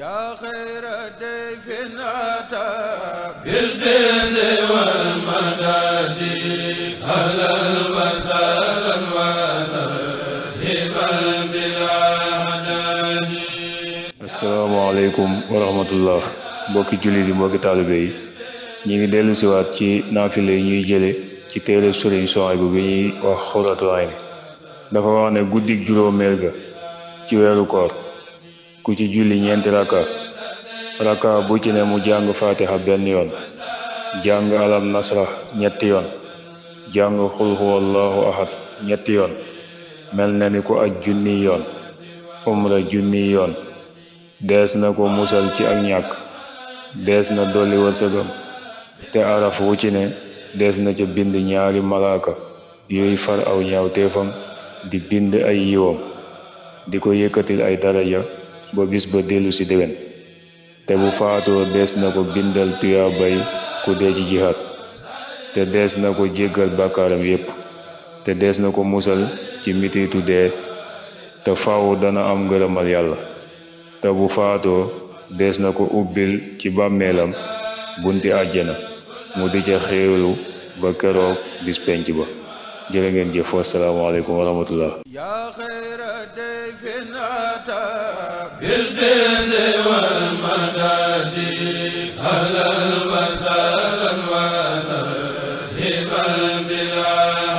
yaa xayra dayfin mbokki jullit yi mbokki taalibe yi ñu ngi dellu siwaat ci naafile yi ñuy jële ci téere sëriñ Suhaybu bi ñuy wax Xurratul Ayni dafa wax ne guddik juróomeel ga ci weeru koor ku ci julli ñeenti raka raka bu ci ne mu jàng fatiha benn yoon jàng alam nasra ñetti yoon jàng xul huwallahu ahad ñetti yoon mel na ni ko aj junni yoon umra junni yoon dees na ko musal ci ak ñàkk dees na dolli wërsëgam te araf wu ci ne dees na ca bind ñaari malaaka yuy far aw ñaaw teefam di bind ay yiwam di ko yëkkatil ay daraja ba bis ba dellu si déwén te bu faatoo dees na ko bindal tuyaabay ku dee ci jihaat te dees na ko jéggal bàkkaaram yépp te des na ko musal ci mitiitu dee te faaw dana am ngërëmal yàlla te bu faatoo des na ko ubbil ci bàmmeelam bunti àjjana mu di ca xéewlu ba keroog bis penc ba jërë ngeen jëf wassalaamu aleykum wa بالعز